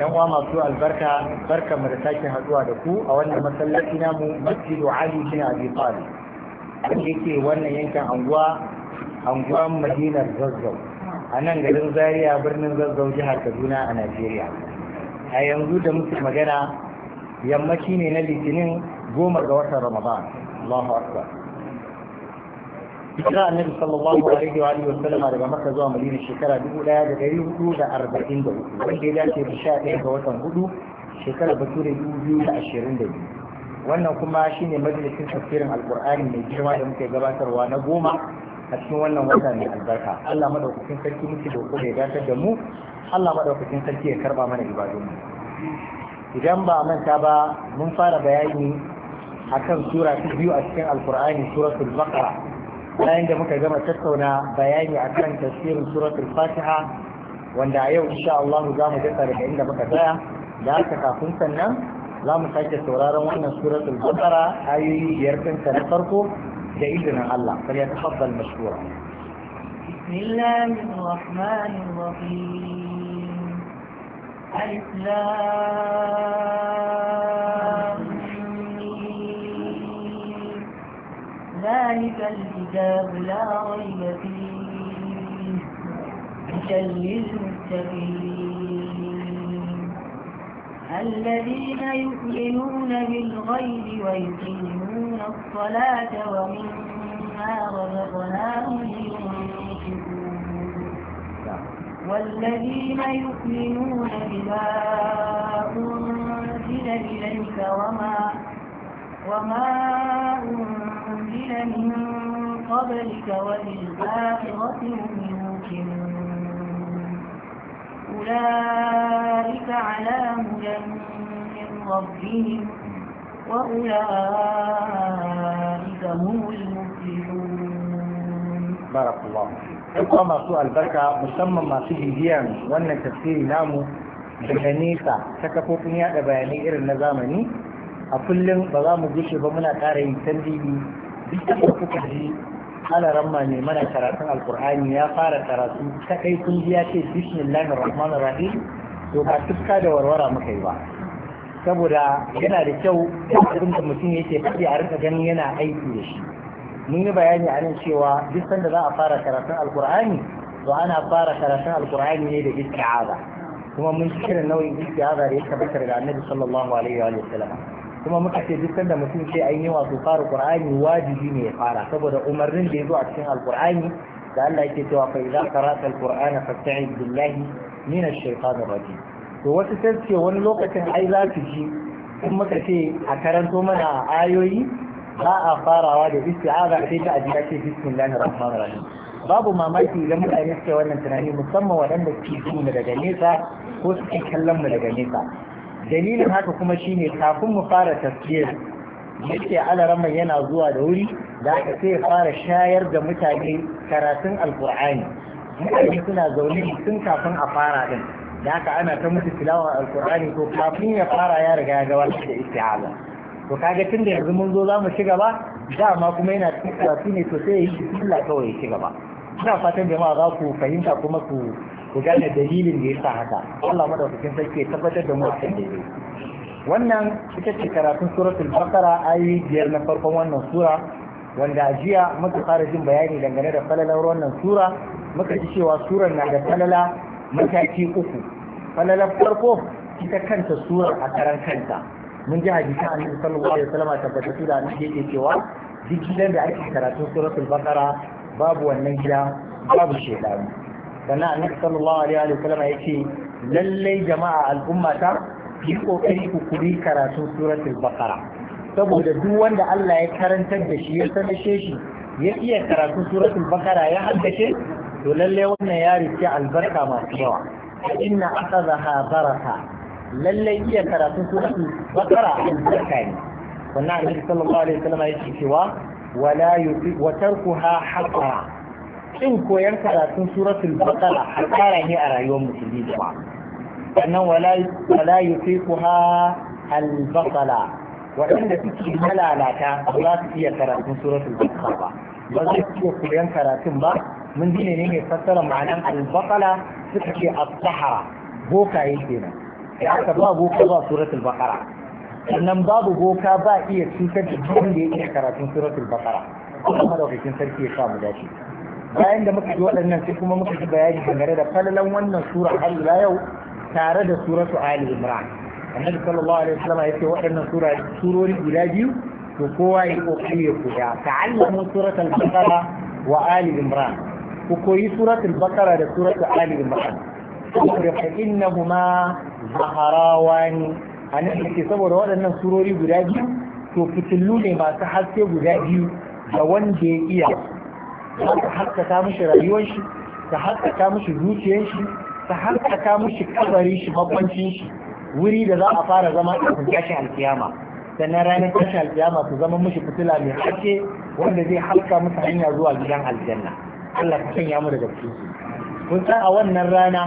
yan uwa masu albarka barka mu da sake haduwa da ku a wannan masallaci namu masjidu ali bin abi talib wanda yake wannan yankin anguwa anguwan madinar zazzau a nan garin zaria birnin zazzau jihar kaduna a najeriya a yanzu da muke magana yammaci ne na litinin goma ga watan ramadan allahu akbar hijira annabi sallallahu alaihi wa alihi wasallama daga makka zuwa madina shekara dubu ɗaya da ɗari hudu da arba'in da hudu wanda ya dace da sha ɗaya ga watan hudu shekara bature dubu biyu da ashirin da biyu wannan kuma shine majalisin tafsirin alkur'ani mai girma da muke gabatarwa na goma a cikin wannan wata mai albarka Allah madaukakin sarki muke da da ya dakatar da mu Allah madaukakin sarki ya karba mana ibadunmu idan ba manta ba mun fara bayani akan sura ta biyu a cikin alkur'ani suratul baqara bayan da muka gama tattauna bayani akan tafsirin suratul fatiha wanda a yau insha Allah za mu ga daga inda muka tsaya da haka kafin sannan za mu sake sauraron wannan suratul baqara ayoyi biyar ɗinta na farko da izinin Allah kar ya tafaddal mashkura bismillahirrahmanirrahim الله الرحمن ذلك الكتاب لا ريب فيه هدى للمتقين الذين يؤمنون بالغيب ويقيمون الصلاة ومما رزقناهم ينفقون والذين يؤمنون بما أنزل إليك وما وما أنزل أنزل من قبلك وبالآخرة هم يوكنون أولئك على هدى من ربهم وأولئك هم المفلحون بارك الله فيك أما سؤال مسمى ما فيه ديان وأن التفسير نامه بحنيسة تكفوكني أبياني إلى النظام a kullum ba za mu gushe ba muna ƙara yin tambihi duk da kuka ji alaran ma ne mana karatun alkur'ani ya fara karatu kadai kun ji ya ce bismillahir rahmanir rahim to ba tuska da warwara muka yi ba saboda yana da kyau abin da mutum yake faɗi a rika ganin yana aiki da shi mun yi bayani a nan cewa duk sanda za a fara karatun alkur'ani to ana fara karatun alkur'ani ne da isti'aza kuma mun ci kiran nau'in isti'aza da ya tabbatar da annabi sallallahu alaihi wa sallam kuma muka ce duk sanda mutum sai ainihin wato fara qur'ani wajibi ne ya fara saboda umarnin da ya zo a cikin alqur'ani da Allah yake cewa fa idza qara'ta alqur'ana fasta'id billahi min ash-shaytanir rajim to wasu sai wani lokacin ai za ji in muka ce a karanto mana ayoyi ba a farawa da isti'aza sai ta ajiya ce bismillahir rahmanir rahim babu mamaki idan mutane suke wannan tunani musamman waɗanda suke mu daga nesa ko suke kallon mu daga nesa dalilin haka kuma shine kafin mu fara tafsir yake alarama yana zuwa da wuri da aka sai fara shayar da mutane karatun alkur'ani mutane suna zaune tun kafin a fara din da haka ana ta musu tilawar alkur'ani to kafin ya fara ya riga ya gabatar da isti'aza to kaga tun da yanzu mun zo za mu ci gaba dama kuma yana cikin karatu ne to sai ya yi kawai ya ci gaba ina fatan jama'a za ku fahimta kuma ku ku gane dalilin da ya sa haka Allah madaukakin sarki ya tabbatar da mu a kan dai wannan ita ce karatun suratul baqara ayi biyar na farkon wannan sura wanda a jiya muka fara jin bayani dangane da falalar wannan sura muka ji cewa surar na da falala mataki uku falalar farko ita kanta surar a karan kanta mun ji hadisi annabi sallallahu alaihi wasallam tabbatar da annabi yake cewa duk gidan da ake karatun suratul baqara babu wannan gida babu shedani sannan annabi sallallahu alaihi wa sallam ya ce lallai jama'a al'umma ta yi kokari ku kuri karatun suratul baqara saboda duk wanda Allah ya karantar da shi ya sanashe shi ya iya karatun suratul baqara ya haddace to lalle wannan ya rike albarka masu yawa inna akhadha baraka lalle iya karatun suratul baqara albarka ne wannan annabi sallallahu alaihi wasallam yake cewa wala yuti wa tarkuha haqara kin koyar karatun suratul baqara hasara ne a rayuwar musulmi ba sannan wala wala yufiquha al-baqara waɗanda suke malalata ba za su iya karatun suratul baqara ba ba za su iya koyan karatun ba mun ji ne mai fassara ma'anan al-baqara suka ce as-sahara bokaye kenan da aka ba boka ba suratul baqara sannan babu boka ba iya cutar da duk da yake karatun suratul baqara kuma madaukakin sarki ya sa mu dace bayan da muka ji waɗannan sai kuma muka ji bayani dangane da falalan wannan sura har ila yau tare da suratu ali imran annabi sallallahu alaihi wasallam ya ce waɗannan sura surori guda biyu to kowa ya kokari ya koya ta'allamu suratul baqara wa ali imran ku koyi suratul baqara da suratul ali imran saboda fa innahuma zaharawani annabi ce saboda waɗannan surori guda biyu to fitillu ne masu haske guda biyu ga wanda ya iya Ta ka haskaka mishi rayuwar shi ka haskaka mishi zuciyar shi ka haskaka mishi kabarin shi babbancin shi wuri da za a fara zama a tashin alkiyama sannan ranar tashin alkiyama su zama mishi fitila mai hake wanda zai haska musu hanya zuwa gidan aljanna Allah ka sanya mu daga cikin su kun san a wannan rana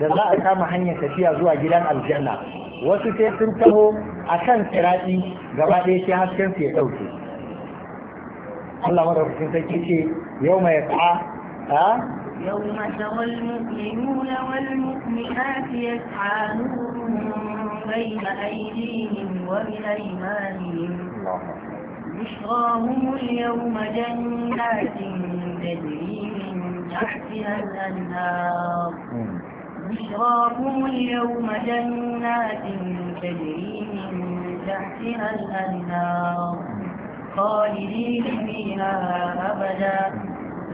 da za a kama hanyar tafiya zuwa gidan aljanna wasu sai sun taho a kan siraɗi gaba ɗaya sai hasken su ya ɗauke الله مرة sarki ce يوم يسعى ها؟ يوم ترى المؤمنون والمؤمنات يسعى بين أيديهم وبأيمانهم بشراهم اليوم جنات تجري من تحتها الأنهار بشراهم اليوم جنات تجري من تحتها الأنهار خالدين فيها أبدا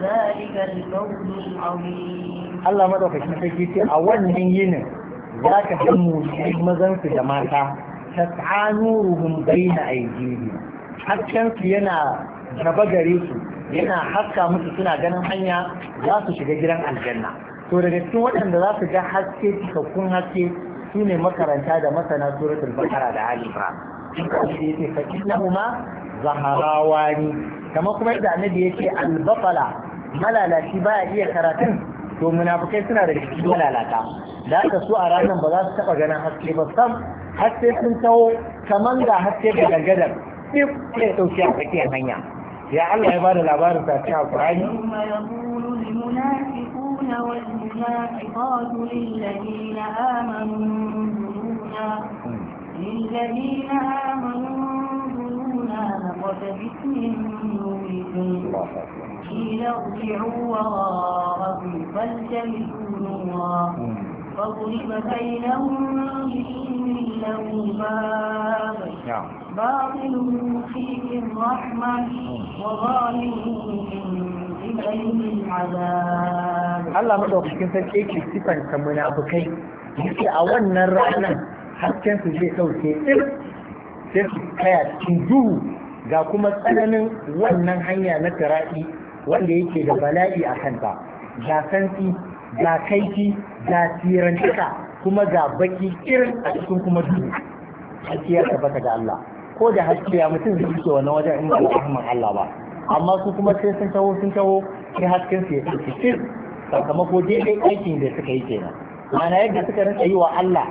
ذلك الفوز العظيم الله ما دوك شنو كيتي أول من ينه ذاك هم مزن في جماعتا تسعى نورهم بين أيديهم حتى ينا gaba gare su yana haska musu suna ganin hanya za su shiga gidan aljanna to daga cikin waɗanda za su ga haske cikakkun haske su ne makaranta da masana suratul bakara da ali in ka ce yace fa innahuma zaharawani kama kuma yadda annabi yake albatala malalaci a iya karatun to munafukai suna da cikin malalata da haka su a ranar ba za su taba ganin haske ba sam haske sun taho kaman ga haske da gangadar duk sai dauki a tsakiyar hanya ya Allah ya ba da labarin ta cikin Qur'ani للذين آمنوا للذين آمنوا الأرض باسم مبين قيل ارجعوا وراءكم فالتمسوا نورا فضرب بينهم بسن له باب باطل فيه الرحمة وظالم Allah maɗaukakin sarki yake sifanta munafukai yake a wannan ranar hasken su zai sauke ɗin sai su kaya cikin duhu ga kuma tsananin wannan hanya na tara'i wanda yake da bala'i a kanta ga santi ga kaifi ga tirantika kuma ga baki irin a cikin kuma duhu haske ya tabbata ga Allah ko da haske ya mutum zai fito wannan wajen in ba rahman Allah ba amma su kuma sai sun taho sun taho sai hasken su ya tafi sir sakamako daidai aikin da suka yi kenan ma'ana yadda suka rinka yi wa Allah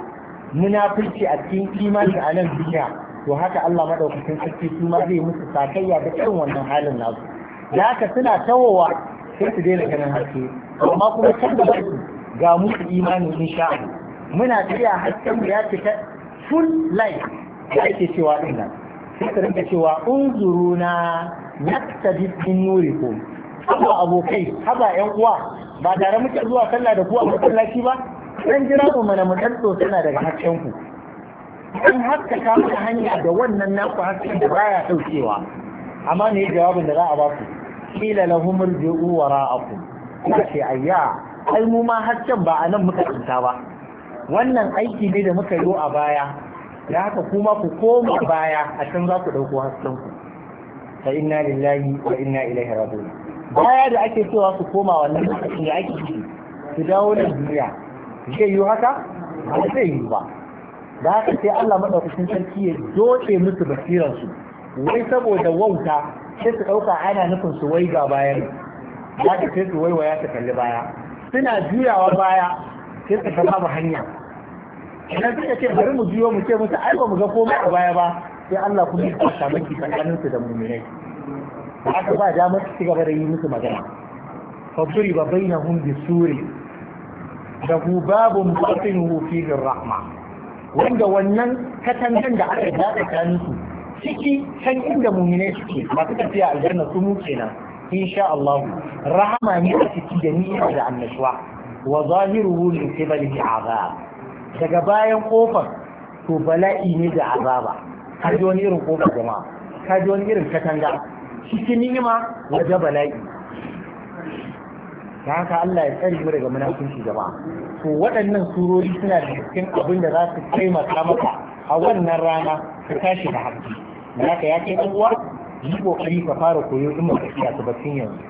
munafurci a cikin imani a nan duniya to haka Allah madaukakin sarki su ma zai musu sakayya da irin wannan halin nasu da haka suna tawowa sai su daina ganin haske amma kuma can da baki ga musu imani insha Allah muna tafiya hasken mu ya fita full life. da ake cewa din nan sai su rinka cewa unzuruna naktabis nuri nurikum haba abokai haba yan uwa ba tare muke zuwa sallah da ku a masallaci ba dan jira mu mana mu dan tana daga hasken ku ka haskaka mana hanya da wannan naku hasken da baya daukewa amma ne jawabin da za a ba ku kila lahum irji'u wara'akum kuka ce ayya ai mu ma hasken ba a nan muka tsinta ba wannan aiki ne da muka yi a baya da haka kuma ku koma baya a can za ku dauko hasken ku fa inna lillahi wa inna ilaihi raji'un baya da ake cewa ku koma wannan lokacin da ake ciki ku dawo da duniya zai yi haka ba zai yi ba da haka sai Allah madaukakin sarki ya doke musu basiran wai saboda wauta sai su ɗauka ana nufin su wai ga bayan da haka sai su waiwaya su kalli baya suna juyawa baya sai su ga babu hanya idan suka ce bari mu juyo mu ce musu ai ba mu ga komai a baya ba sai Allah kuma ya kwata maki tsakanin su da mu'minai da haka ba damar su ci gaba da yi musu magana faduri ba bainahum bisuri lahu babun batinuhu fihi rahma wanda wannan katangan da aka ga tsakanin su ciki can inda mu'mine suke masu tafiya aljanna su mu kenan sha Allah rahama ne a ciki da ni'ima da annashuwa wa zahiruhu min qibalihi azab daga bayan kofar to bala'i ne da azaba kaji wani irin kofar jama'a kaji wani irin katanga cikin ni'ima waje bala'i da haka Allah ya tsare mu daga munafunci jama'a to waɗannan surori suna da cikin abin da za su taimaka maka a wannan rana ka tashi da haƙƙi da ka ya kai ɗan uwa yi ƙoƙari ka fara koyo in ba ka iya ba tun yanzu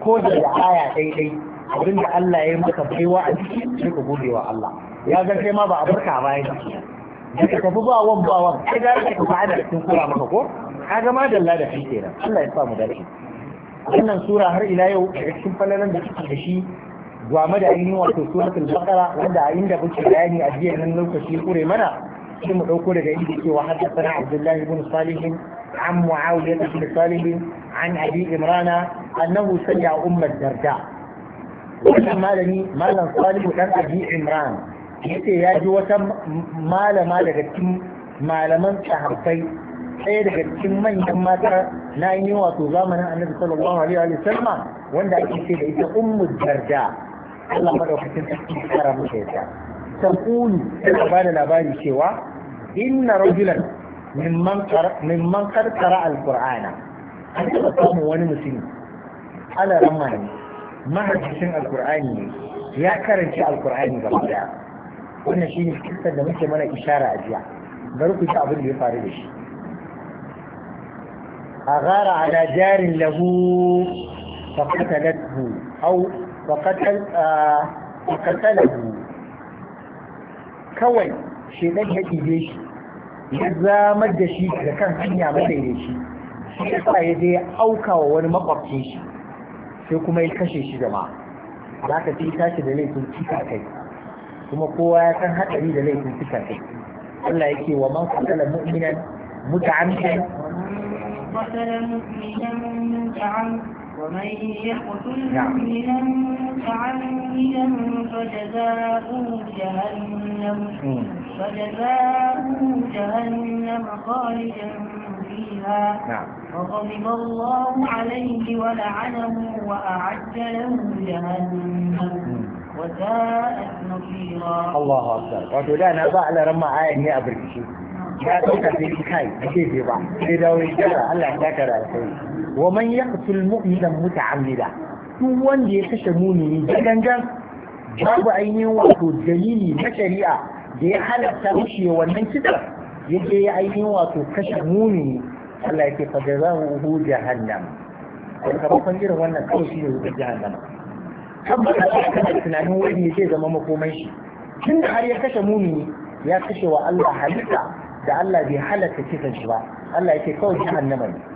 ko da da aya daidai abin da Allah ya yi maka baiwa a ciki sai ka gode wa Allah ya ga sai ma ba a barka bayan ciki da ka tafi ba wan ba wan sai da ka tafi da cikin kula maka ko ka ga ma dalla da shi kenan Allah ya sa mu dace wannan sura har ila yau daga cikin falalan da suke da shi gwame da ainihin wato suratul baqara wanda a inda muke bayani a jiya nan lokaci kure mana sai mu dauko daga inda cewa haddathana Abdullah ibn Salih an Muawiya ibn Salih an Abi Imran annahu sami'a ummar Darda wannan malami malam Salih dan Abi Imran yace ya ji wata malama daga cikin malaman sahabbai ɗaya daga cikin manyan mata na yi wato zamanin annabi sallallahu alaihi wa sallam wanda ake ce da ita ummu darda Allah madaukakin sarki ya kara masa yadda taqulu ta ba da labari cewa inna rajulan mimman mimman karkara alqur'ana an taba samun wani mutum ala ramani mahajjin alqur'ani ne ya karanci alqur'ani gaba daya wannan shine kisan da muke mana ishara a jiya bari ku ji abin da ya faru da shi A أغار على جار له فقتلته أو wa katalahu kawai shedan ya ɗibe shi ya zamar da shi daga kan hanya madaidaici shi ya sa ya je ya auka wa wani makwabci shi sai kuma ya kashe shi jama'a za ka ci tashi da laifin cika kuma kowa ya kan haɗari da laifin cika kai Allah yake wa man qatala mu'minan muta'ammidan ومن يقتل نعم. مؤمنا متعمدا فجزاؤه جهنم فجزاؤه جهنم خالدا فيها نعم. وغضب الله عليه ولعنه وأعد له جهنم وساءت مصيرا الله أكبر انا بعلى رمى عائلة أبركشي ya ɗauka sai kai a ke ba sai dawo ya Allah ya kara wa man yaqtul mu'mina muta'ammida duk wanda ya kashe mumini da gangan babu ainihin wato dalili na shari'a da ya halatta mishi wannan kitan yake ya ainihin wato kashe mumini Allah yake fa jazahu jahannam sakamakon irin wannan kawai shi ne wutar jahannama tabbata a kan tunanin wani ne zai zama makomai shi tun da har ya kashe mumini ya kashe wa Allah halitta da Allah bai halatta kisan shi ba Allah yake kawai jahannama ne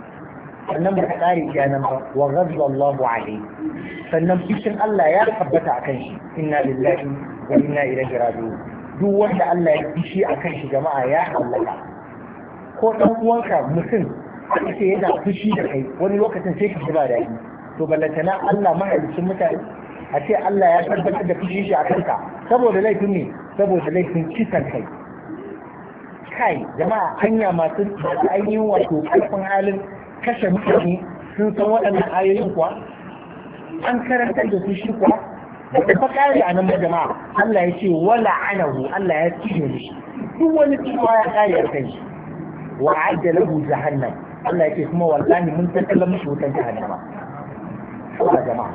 sannan ba ta ƙare iya nan ba wa ghazza Allahu alayhi sannan fishin Allah ya tabbata akan shi inna lillahi wa inna ilaihi raji'un duk wanda Allah ya fishi akan shi jama'a ya hallaka ko dan uwanka mutum ake yana fushi da kai wani lokacin sai ka ba daɗi to ballantana Allah mahalicin mutane a ce Allah ya tabbatar da fushi shi a kanka saboda laifin ne saboda laifin kisan kai kai jama'a hanya masu ainihin wato karfin halin kashe mutane sun san waɗannan ayoyin kuwa an karanta da su shi kuwa da fa kare a nan jama'a Allah ya ce wala anahu Allah ya cije shi duk wani cewa ya kare a kai wa adda lahu jahannam Allah ya ce kuma wallahi mun tattala mishi wutan jahannama saboda jama'a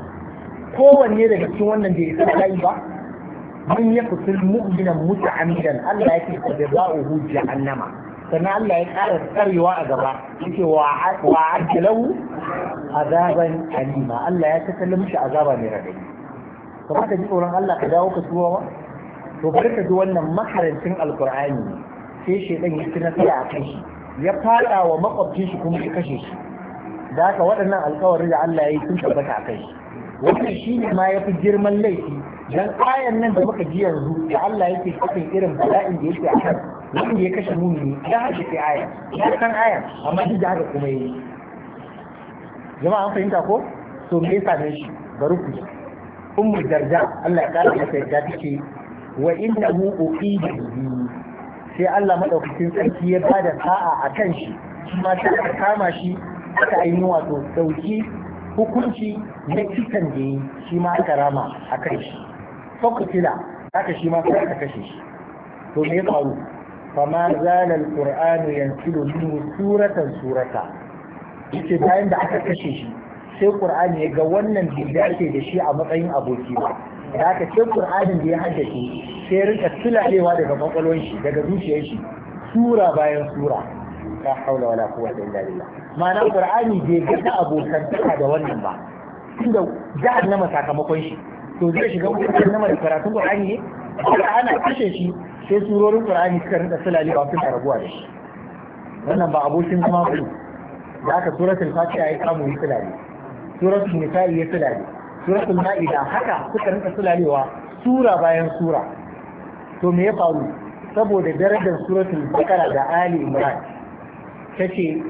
kowanne daga cikin wannan bai san da ba man yakutul mu'minan muta'ammidan Allah ya ce fa jazaohu jahannama sannan Allah ya ƙara tsarewa a gaba yake wa ajilahu azaban alima Allah ya tattalin mishi azaba mai radadi kamar ka ji tsoron Allah ka dawo ka tuwa ba to bari ka ji wannan makarancin alkur'ani sai shaidan ya ci nasara a kai shi ya fada wa makwabcin shi kuma ya kashe shi da haka waɗannan alƙawarin da Allah ya yi sun tabbata a kai shi wannan shine ma ya fi girman laifi dan ayan nan da muka ji yanzu da Allah yake kafin irin bala'in da yake a kai. wanda ya kashe muni ya haka sai aya ya san aya amma shi da haka kuma yi Zama an fahimta ko so me yasa ne shi bari ku ummu darja Allah ya kara masa yadda take wa innahu uqida bihi sai Allah madaukakin sarki ya bada sa'a akan shi kuma ta kama shi aka ainihin wato dauki hukunci na kisan da yi shi ma aka rama akan shi fakutila ka shi ma sai aka kashe shi to me ya faru fama zala alqur'anu yansilu minhu suratan surata yace bayan da aka kashe shi sai qur'ani ya ga wannan bai dace da shi a matsayin aboki ba da aka ce qur'anin da ya haddace sai ya rinka tulalewa daga kwakwalwar shi daga zuciyar shi sura bayan sura la haula wala quwwata illa billah ma'ana qur'ani bai ga abokan da wannan ba tunda jahannama sakamakon shi to zai shiga wutar nama da karatun qur'ani ne ana kashe shi sai surorin ƙura'ani suka rinka sulali ba suka rabuwa da shi wannan ba abokin zama ba da aka suratul fatiha ya samu yi sulali suratul nisa'i ya sulali suratul ma'ida haka suka rinka sulalewa sura bayan sura to me ya faru saboda darajar suratul bakara da ali imran ce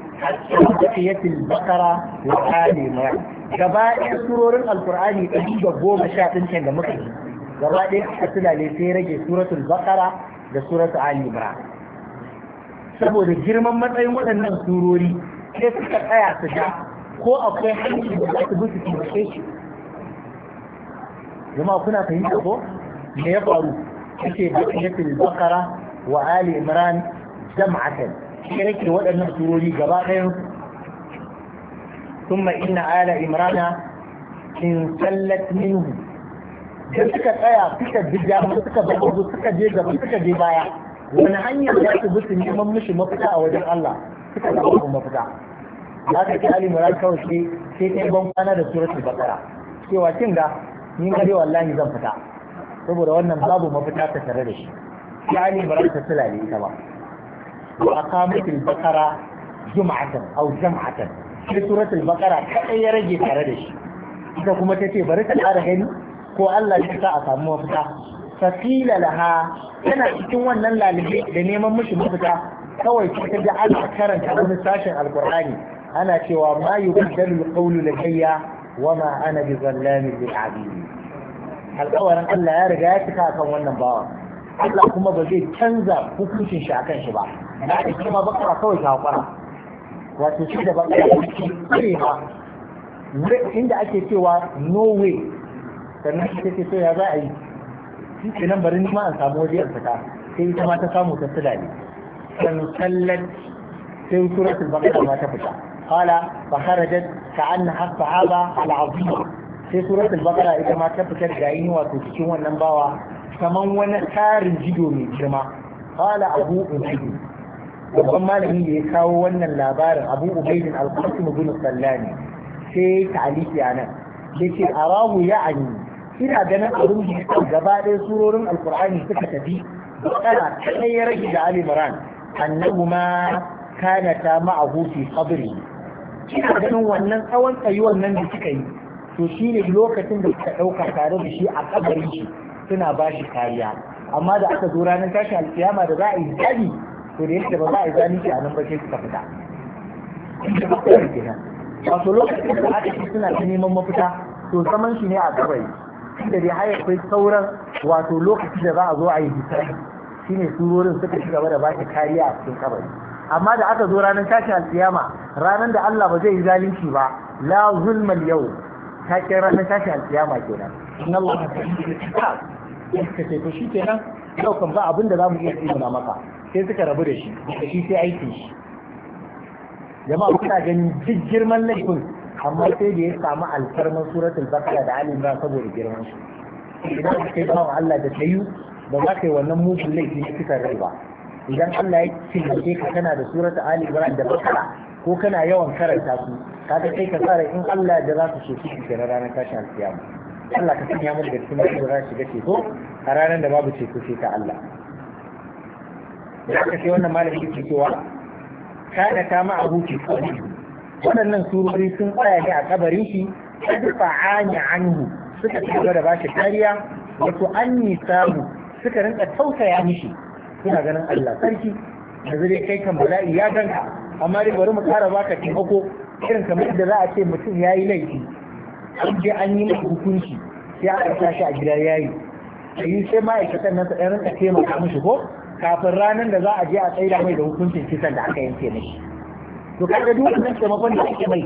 hakiyatul bakara wa ali imran gaba ɗaya surorin Alƙur'ani ɗari da goma sha ɗin da muka yi gaba ɗaya aka tunale sai rage suratul baqara da suratul ali imran saboda girman matsayin waɗannan surori sai suka tsaya su ja ko akwai hanyar da za su bi su taimake shi jama'a kuna fahimta ko me ya faru kace da suratul baqara wa ali imran jam'atan sai rage waɗannan surori gaba ɗayan ثم إن آل إمران إن سلت منه da suka tsaya suka bi jami'a suka babu suka je gaba suka je baya wani hanyar za su bi su neman mishi mafita a wajen Allah suka samu mafita Ya ka ce Ali Murad kawai sai sai kai ban kwana da suratul Baqara cewa kin ga ni ga dai wallahi zan fita saboda wannan babu mafita ta tare da shi sai Ali Murad ta sulale ita ba wa aqamatul Baqara Juma'atan, aw jam'atan sai suratul Baqara kadai ya rage tare da shi ita kuma ta ce bari ta ƙara gani ko Allah ya sa a samu mafita fasila laha yana cikin wannan lalibe da neman mishi mafita kawai sai ta ji ana karanta wani sashen alqur'ani ana cewa ma yubaddalu alqawlu ladayya wa ma ana bi zallamin lil abidin alƙawarin Allah ya riga ya cika akan wannan bawa Allah kuma ba zai canza hukuncin shi akan shi ba da ake kuma bakara kawai ta hakura wato shi da bakara shi kare ma inda ake cewa no way sannan ita ce so ya za a yi shi ke nan bari nima an samu waje a saka sai ita ma ta samu ta sila ne kan sallat sai suratul baqara ma ta fita qala fa ta ka anna hasaba al azim sai suratul baqara ita ma ta fita da yin wato cikin wannan bawa kaman wani tarin jido mai girma qala abu ubayd babban malami da ya kawo wannan labarin abu ubayd al-qasim ibn sallani sai ta ta'aliki anan yace arahu ya'ani ina ganin abin da ya gaba ɗaya surorin alkur'ani suka tafi ana kaɗai ya rage da ali imran annabu ma kana ta ma'ahu fi qabri ina ganin wannan tsawon tsayuwar nan da suka yi to shine lokacin da suka ɗauka tare da shi a kabarin shi suna ba shi kariya amma da aka zo ranar tashi alkiyama da za a yi zabi to da yadda ba za a yi zalunci a nan ba sai suka fita wato lokacin da aka ci suna neman mafita to zaman shi ne a kabari da dai har akwai sauran wato lokaci da za a zo a yi shi shine surorin suka ci gaba da ba ta kariya a cikin kabari amma da aka zo ranar tashi alkiyama ranar da Allah ba zai yi zalunci ba la zulmal yau ta kai ranar tashi alkiyama kenan in Allah ta yi kitab suka to shi kenan yau kan ba abin da zamu iya tsina maka sai suka rabu da shi da shi sai aikin shi jama'a kuna ganin duk girman laifin amma sai da ya samu alfarman suratul baqara da ali imran saboda girman shi idan ka kai ba Allah da tayu ba za ka yi wannan mugun laifi na cikin rai ba idan Allah ya tilake ka kana da surata Ali Imran da Bakara ko kana yawan karanta su kaga sai ka tsara in Allah da za ka so ki ke na ranar tashi alkiyama Allah ka sanya mu da cikin da za shiga ceto a ranar da babu ceto sai ka Allah da aka sai wannan malami yake cewa kana ta ma abuki kawai waɗannan surori sun tsaya ne a kabarin shi fa'ani anhu suka ci da ba shi kariya wato an samu suka rinka tausaya mishi suna ganin Allah sarki yanzu dai kai kan bala'i ya ganka amma dai bari mu ƙara baka taimako irin kamar da za a ce mutum ya yi laifi an je an yi masa hukunci sai a ɗauka shi a gida ya yi sai ma'aikatan nan sa ɗan rinka taimaka mishi ko kafin ranar da za a je a tsaida mai da hukuncin kisan da aka yanke mishi to kaga duk wannan taimakon da ake mai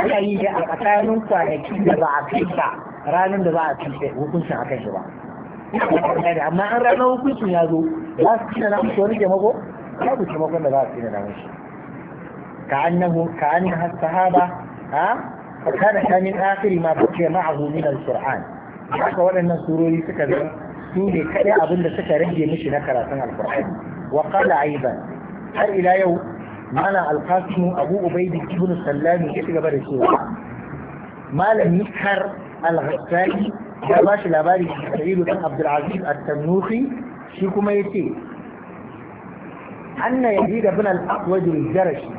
ana yi ne a tsakanin kwanaki da ba a kai ba ranar da ba a kai hukuncin a kan shi ba amma an ranar hukuncin ya zo za su cina namun shi wani taimako za su taimakon da za su cina namun shi ka annahu ka annahu sahaba ha fa kana kamin akhiri ma bace ma'ahu min al-qur'an haka waɗannan surori suka zama su ne kaɗai abin da suka rage mishi na karatun al-qur'ani wa qala aidan har ila yau malam alkasimu abu ubaidi ibn sallami ya ci gaba da cewa malam nikar al-ghassani ya ba shi labari da karibu dan abdulaziz at-tannuhi shi kuma ya ce anna yazid ibn al-aqwad al-jarashi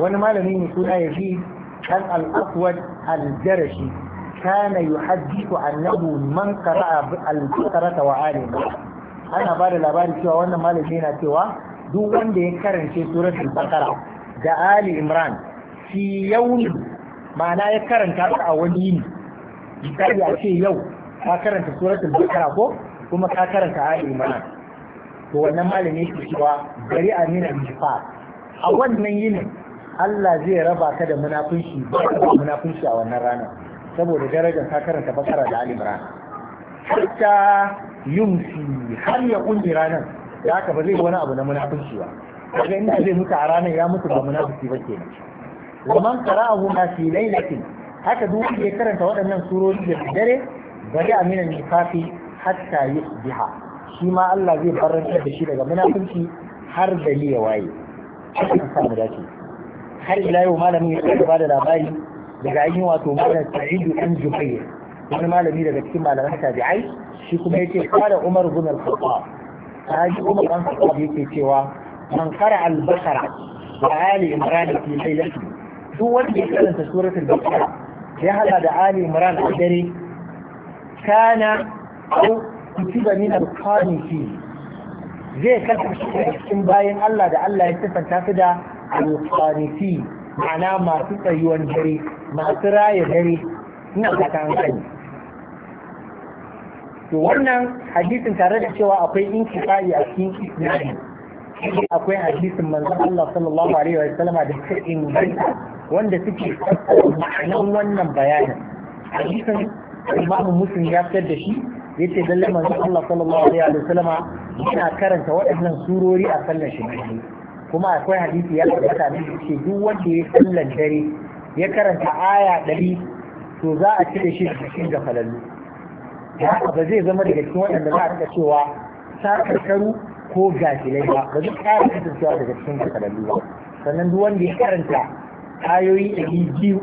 wani malami ne suna yazid kan al-aqwad al-jarashi kana yuhaddithu annahu man qara'a al-baqara wa alim ana ba da labari cewa wannan malami yana cewa duk wanda ya karance suratul baqara da ali imran fi yawmi ma'ana ya karanta ta a wani yini misali a ce yau ka karanta suratul baqara ko kuma ka karanta ali imran to wannan malami yake cewa bari amina nifaq a wannan yinin Allah zai raba ka da munafunci ba munafunci a wannan ranar saboda darajar ka karanta bakara da ali imran hatta yumsi har ya kunji ranar da haka ba zai wani abu na munafiki ba kaga inda zai mutu a ranar ya mutu ba munafiki ba kenan wa man qara'ahu ma fi lailatin haka duk wanda ya karanta waɗannan surori da dare bari aminan nifafi hatta yusbiha shi ma Allah zai farantar da shi daga munafiki har da ya waye an samu dace har ila yau malamin ya kai ba da labari daga an ainihin wato malam Sa'idu ɗan Jubair wani malami daga cikin malaman tabi'ai shi kuma yake kada Umar gunar al ta ji umar ɗan kasuwa yake cewa man kara albasara wa ali imran fi lailati duk wanda ya karanta suratul baqara ya hada da ali imran a dare kana ko kutiba min al-qanifi zai kasance cikin bayan Allah da Allah ya sifanta su da al-qanifi ma'ana masu tsayuwan dare masu raya dare ina fata an to wannan hadisin tare da cewa akwai inkisa'i a cikin isnadi akwai hadisin manzon Allah sallallahu alaihi wa sallama da ta inganta wanda suke ma'anar wannan bayanin hadisin imamu muslim ya fitar da shi ya ce lallai manzon Allah sallallahu alaihi wa sallama yana karanta waɗannan surori a sallar shi kuma akwai hadisi ya tabbata ne ce duk wanda ya sallar dare ya karanta aya ɗari to za a cire da shi cikin gafalallu da haka ba zai zama daga cikin waɗanda za a rika cewa sakarkaru ko gafilai ba ba zai ƙara kasancewa daga cikin kasalallu ba sannan duk wanda ya karanta ayoyi ɗari biyu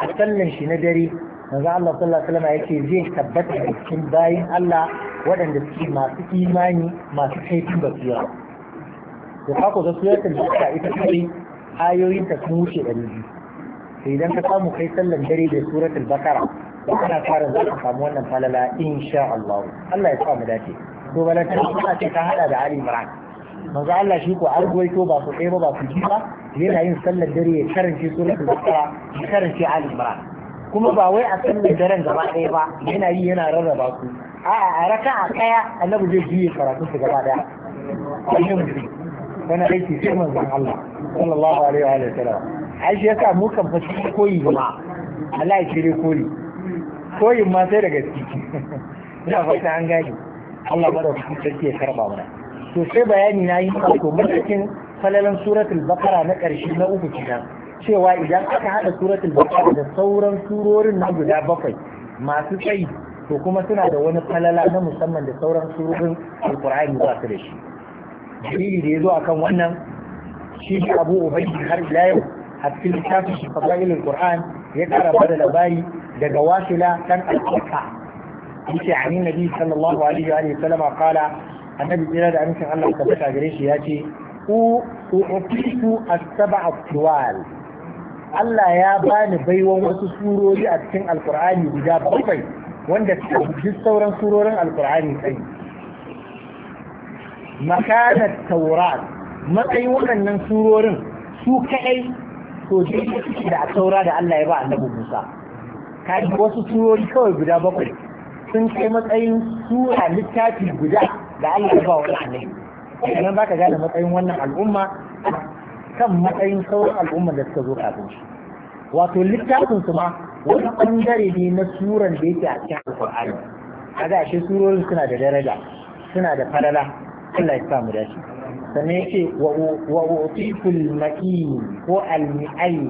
a sallan shi na dare manzo Allah sallallahu alaihi wasallam yake zai tabbata da cikin bayin Allah waɗanda suke masu imani masu kaifin basira Da haka da suratul baqara ita ce ayoyin ta sun wuce ɗari biyu to idan ka samu kai sallan dare da suratul baqara ba ana fara za ka samu wannan falala insha Allah Allah ya sa mu dace to balanta ta ce ta hada da Ali Imran manzo Allah shi ko an ruwaito ba ku kai ba ba ku ji ba yana yin sallar dare ya karance suratul baqara ya karance Ali Imran kuma ba wai a sallar daren gaba ɗaya ba yana yi yana rarraba ku a'a a a kaya annabi zai juye karatun su gaba daya wani aiki sai manzon Allah sallallahu alaihi wa sallam ai shi yasa mu kan fashi koyi jama'a Allah ya shirye koyi koyin ma sai daga ciki da fata an gani Allah bada su sarki ya karba mana to sai bayani na yi farko matakin falalan suratul bakara na ƙarshe na uku kenan cewa idan aka haɗa suratul da sauran surorin na guda bakwai masu tsayi to kuma suna da wani falala na musamman da sauran surorin Alƙur'ani ba su da shi dalili da ya zo akan wannan shi abu ubangi har ila yau a littafin shi fadailul qur'an ya kara bada labari daga wasila dan alƙaƙa yace ani nabi sallallahu alaihi wa alihi sallama qala annabi kira da amincin Allah ka saka gare shi yace u uqitu as-sab'a tiwal Allah ya bani baiwan wasu surori a cikin alkur'ani guda bakwai wanda ta duk sauran surorin alkur'ani kai makanar taurat matsayin waɗannan surorin su kaɗai to da a taura da Allah ya ba annabi Musa kai wasu surori kawai guda bakwai sun kai matsayin sura littafi guda da Allah ya ba wa annabi ba ka gane matsayin wannan al'umma kan matsayin sauran al'umma da suka zo kafin shi wato littafin su ma wani bangare ne na suran da yake a cikin a kaga shi surorin suna da daraja suna da falala Allah ya sa mu dace sannan yake wa utikul makin ko almi'ai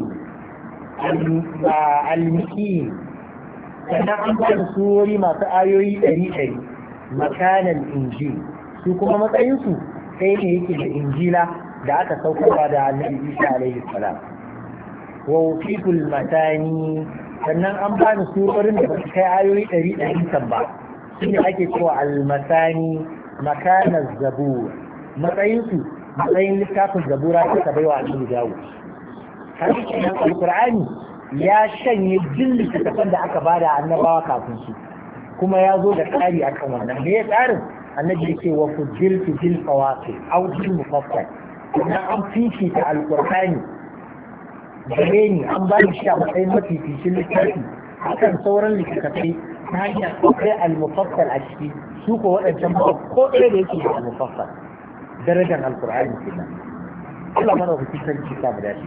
almi'in sannan an ba da surori masu ayoyi ɗari ɗari makanan inji su kuma matsayinsu sai ne yake da injila da aka saukarwa da annabi isa alaihi salam wa utikul matani sannan an ba da surorin da ba su kai ayoyi ɗari ɗari kan ba shi ne ake cewa almasani makanan zabur matsayinsu matsayin littafin zabura ta bai wa annabi dawo har kenan ya shanye duk littattafan da aka bada annabawa kafin su kuma ya zo da tsari akan wannan me ya tsarin annabi yake wa ku bil fawaqi aw bil mufassal kuma an fifita alqur'ani gare ni an ba shi a matsayin mafificin littafi akan sauran littattafai ta hanyar akwai al a ciki su ko waɗancan ba ko ɗaya da yake da al darajar alkur'ani kenan Allah mana ku san shi samu shi,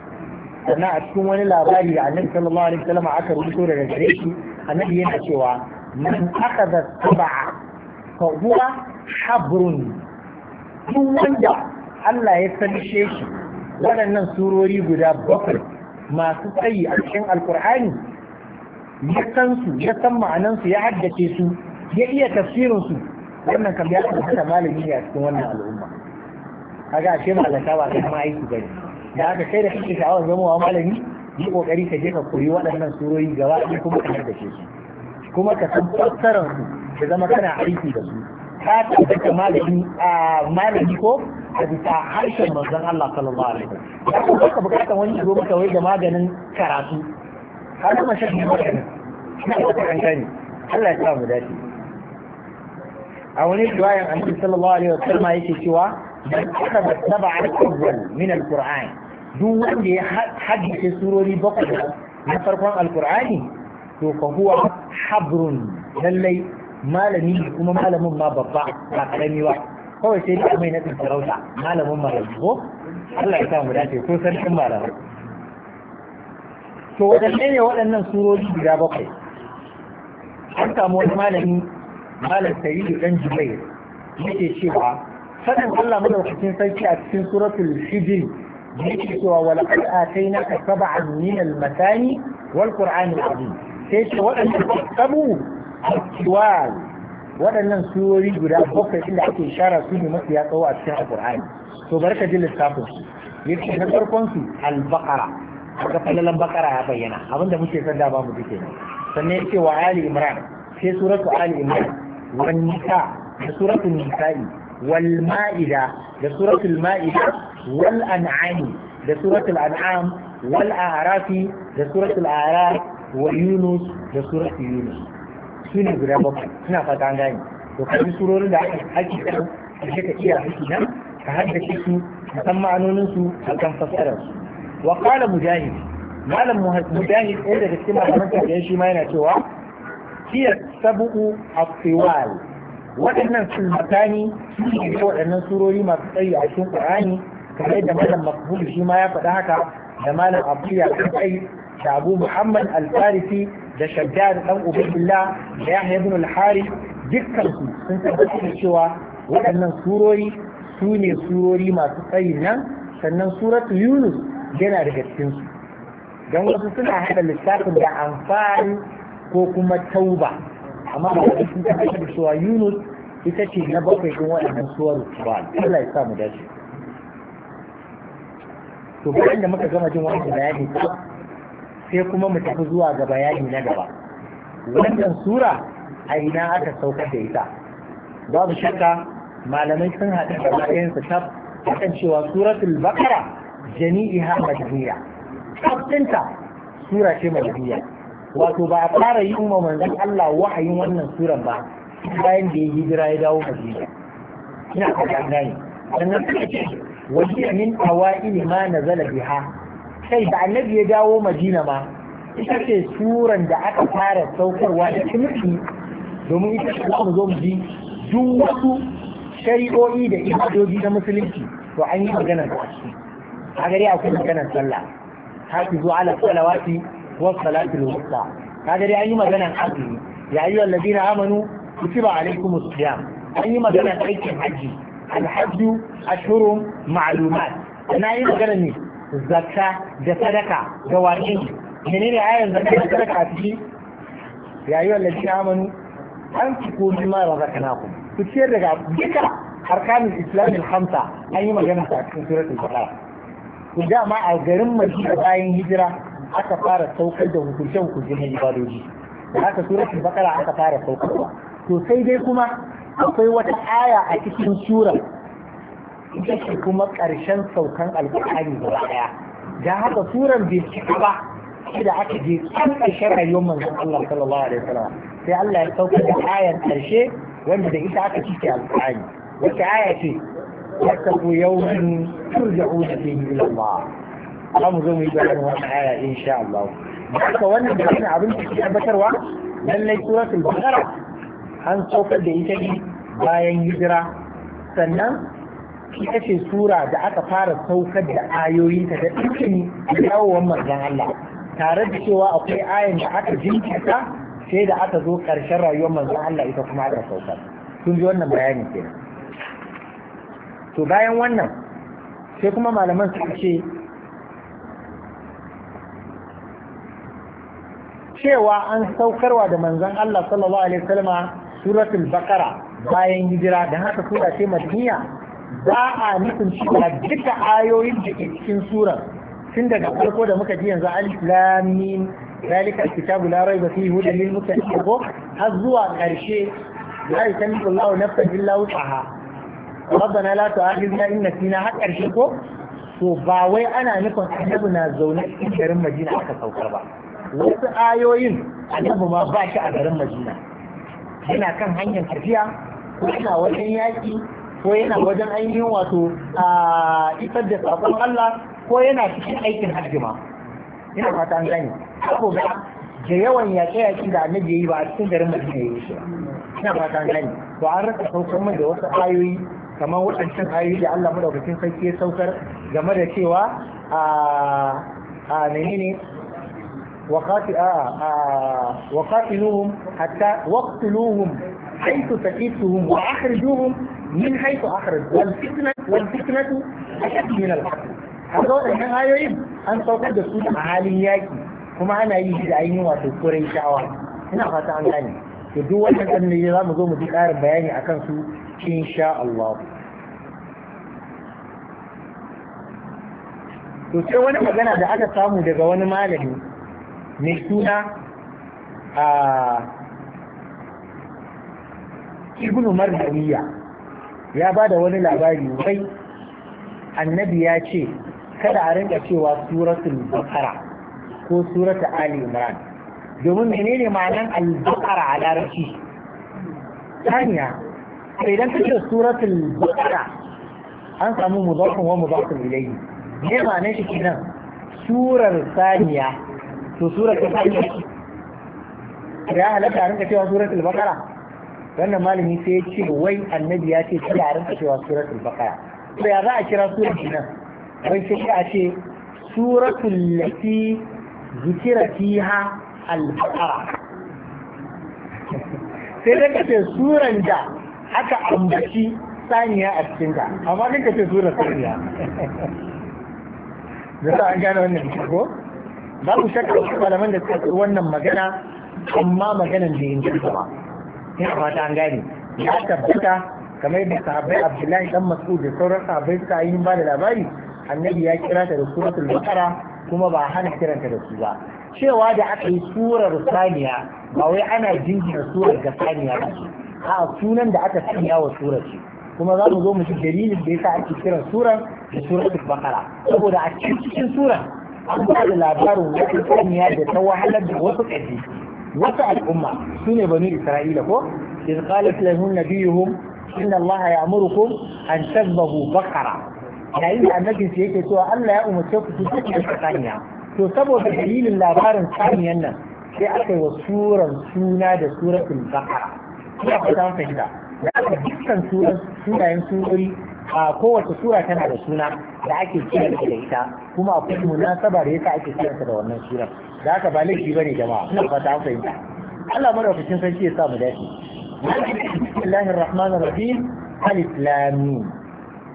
sannan a cikin wani labari da annabi sallallahu alaihi wasallam aka rubuto daga gare shi annabi yana cewa man akadha sab'a fa huwa habrun duk wanda Allah ya sanishe shi waɗannan surori guda bakwai masu tsayi a cikin alkur'ani ya san su ya san ma'anansu ya haddace su ya iya tafsirinsu, wannan kam ya kamata malami ne a cikin wannan al'umma kaga ashe malaka ba kai kuma aiki gari da haka kai da kake sha'awar zama wa malami yi kokari ka je ka koyi waɗannan surori gaba ɗaya kuma ka da su kuma ka san fassarar su da zama kana aiki da su ka tabbata malami a malami ko a bisa harshen manzon Allah sallallahu alaihi wasallam ya ka bukata wani zo maka wai da maganin karatu har kuma shan maganin ina da kankani Allah ya sa mu dace a wani riwayan annabi sallallahu alaihi wasallam yake cewa da من أخذ السبع الأول من القرآن دو وندي حدث سورة بقرة من to القرآن huwa habrun lallai malami kuma malamin ma babba ba karami ba kawai sai da mai nasin sarauta malamin malami ko Allah ya sa mu dace ko sarkin malamai to waɗanne ne waɗannan surori guda bakwai an samu wani malami malam sayyidu dan jubair yake cewa fadin Allah madaukakin sarki a cikin suratul hijr da yake cewa wala qad atainaka sab'an min al-matani wal qur'an al sai ce waɗannan sabu al-kiwal waɗannan guda bakwai inda ake ishara su ne tsawo a cikin al-qur'ani to barka ji lissafin su yake na farkon su ya bayyana abinda muke son da ba mu duke sannan yake wa ali imran sai suratu ali imran wan nisa da suratu nisa'i wal ma'ida da suratul ma'ida wal an'ami da suratul an'am wal a'rafi da suratul a'raf wa yunus da suratul yunus su ne guda bakwai suna fata an gane to kan surorin da ake kan ake ka iya aiki nan ka haddace su ka san ma'anonin su ka san fassarar su wa qala mujahid malam mujahid yana cewa hiya sabu'u at waɗannan sulmatani su ne waɗannan surori masu tsayi a cikin ƙur'ani kamar da malam makbul shi ma ya faɗa haka da malam abdullah kai da abu muhammad al da shaddad dan ubaydillah da yahya ibn al hari dukkan su sun tabbatar da cewa waɗannan surori su ne surori masu tsayin nan sannan suratu yunus yana daga cikin su don wasu suna haɗa lissafin da amfani ko kuma tauba amma da sun taɓa da suwa yunus ita ce na bakwai ɗin waɗannan suwar ba Allah ya sa mu dace to bayan da muka gama jin wannan bayani sai kuma mu tafi zuwa ga bayani na gaba wannan sura a ina aka saukar da ita babu shakka malamai sun haɗu da bayan su tab akan cewa suratul bakara jami'iha madhiya tabtinta sura ce madhiya wato ba a fara yi ma manzon Allah wahayin wannan suran ba bayan da ya hijira ya dawo Madina ina ka gane sannan suka ce wani min awaili ma zala biha kai da annabi ya dawo Madina ma ita ce suran da aka fara saukarwa da kimiki domin ita ce za mu zo mu ji duk wasu shari'o'i da ibadoji na musulunci to an yi magana da shi a gari akwai maganar sallah hafizu ala salawati والصلاة الوسطى هذا دي أي مجانا أقلي يا أيها الذين آمنوا كتب عليكم الصيام أي مجانا أيك الحج الحج أشهر معلومات أنا أي مجانا الزكاة ده صدقة ده واجب منين آية الزكاة صدقة تجي يا أيها الذين آمنوا أنفقوا مما رزقناكم كتير رجع ذكر أركان الإسلام الخمسة أي مجانا في سورة البقرة ku dama a garin madina bayan hijira aka fara saukar da hukunce hukunce na ibadoji da haka suratul bakara aka fara saukarwa to sai dai kuma akwai wata aya a cikin sura ita ce kuma ƙarshen saukan alƙur'ani gaba ɗaya da haka suran bai cika ba sai da aka je kan ƙarshen rayuwar manzon Allah sallallahu alaihi wasallam sai Allah ya sauka da ayar ƙarshe wanda da ita aka cike alƙur'ani wata aya ce yattaku yawmin turja'una fihi ila Allah za mu zo mu yi bayanin wannan aya insha Allah haka wannan da ina abin da ke tabbatarwa lallai suratul baqara an saukar da ita ne bayan hijira sannan ita ce sura da aka fara saukar da ayoyinta da dukkan yawon manzon Allah tare da cewa akwai ayan da aka jinkirta sai da aka zo ƙarshen rayuwar manzon Allah ita kuma aka saukar kun ji wannan bayani kenan to bayan wannan sai kuma malaman suka ce cewa an saukarwa da manzon Allah sallallahu alaihi wasallam suratul bakara bayan hijira da haka sura ce madaniya ba a nufin cewa duka ayoyin da ke cikin surar tun daga farko da muka ji yanzu alif lam mim ذلك الكتاب لا ريب فيه هدى للمتقين har zuwa ƙarshe la yukallifu Allahu nafsan illa ربنا لا تؤاخذنا إن نسينا har ƙarshe ko to ba wai ana nufin annabi na zaune cikin garin Madina aka sauka ba wasu ayoyin annabi ma ba shi a garin madina yana kan hanyar tafiya ko yana wajen yaƙi ko yana wajen ainihin wato a isar da saƙon Allah ko yana cikin aikin hajjima ina fata an gane ga da yawan yaƙe-yaƙi da annabi ya yi ba a cikin garin madina ya yi shi ina fata an gani to an rasa saukar mai da wasu ayoyi kamar waɗancan ayoyi da Allah madaukakin sarki ya saukar game da cewa a menene وقاتلوهم حتى واقتلوهم حيث تقيتهم واخرجوهم من حيث اخرج والفتنه والفتنه اشد من القتل هذا wannan ayoyin an saukar da su a halin yaki kuma ana yi da ainihin wato kurai sha'awa ina fata an gane duk wannan kan ne za mu zo mu ji ƙarin bayani akan su insha Allah to sai wani magana da aka samu daga wani malami mai suna a ibnu marhariya ya ba da wani labari wai annabi ya ce kada a rinka cewa suratul bakara ko suratul ali imran domin menene ma'anan al-bakara a larabci tanya idan ka ce suratul bakara an samu mudafin wa mudafin ilayhi ne ma'anar shi kenan surar saniya to surar ta fa'ida ce ya halatta a rinka cewa surar al-baqara wannan malami sai ya ce wai annabi ya ce kada a rinka cewa surar al-baqara to ya za a kira surar nan wai sai a ce suratul lati zikira fiha al-baqara sai da ka ce suran da aka ambaci saniya a cikin ta amma kan ka ce surar saniya da sa an gane wannan ko babu shakka cikin malaman da suka wannan magana amma maganan da yin jirka ba ina fata an gane ya tabbata kamar da sahabbai abdullahi dan mas'ud da sauran sahabbai suka yi ba da labari annabi ya kira ta da suratul baqara kuma ba hana kiranta da su ba cewa da aka yi surar saniya ba wai ana jingina surar ga saniya ba a sunan da aka sanya wa surar ce kuma za mu zo mu ji dalilin da ya sa ake kiran surar da suratul baqara saboda a cikin surar an ba da labarin wata kaniya da ta wahalar da wasu ƙarfi, wata al'umma su ne banu isra'ila ko iz qalat lahum nabiyuhum inna allaha ya'murukum an tadhbahu baqara yayin da annabin su yake cewa Allah ya umarce ku su ci kaniya to saboda dalilin labarin kaniyan nan sai aka yi wa suran suna da suratul baqara ina fata fahimta da aka dukkan sunayen surori a kowace sura tana da suna da ake kiran da ita kuma akwai munasaba da yasa ake kiran da wannan surar da haka ba laifi bane jama'a ina fata an fahimta Allah madaukakin sarki ya sa mu dace Bismillahir Rahmanir Rahim Alif Lam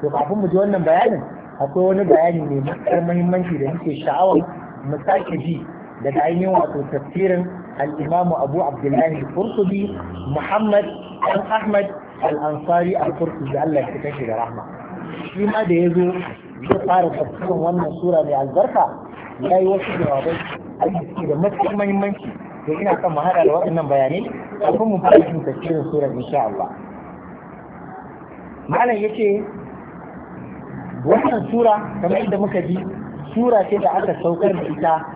to kafin mu ji wannan bayanin akwai wani bayani mai muhimmanci da yake sha'awar mu sake ji daga ainihin wato tafsirin الإمام أبو Abu الله القرطبي محمد Muhammad dan Ahmad al-Ansari al-Qurtubi Allah ya da rahma zai fara tafsirin wannan sura mai albarka ya yi wasu jawabai a yi da matuƙar mahimmanci da ina kan mahaɗa da waɗannan bayanai kafin mu fara yin tafsirin sura sha Allah malam ya ce wannan sura kamar yadda muka ji sura ce da aka saukar da ita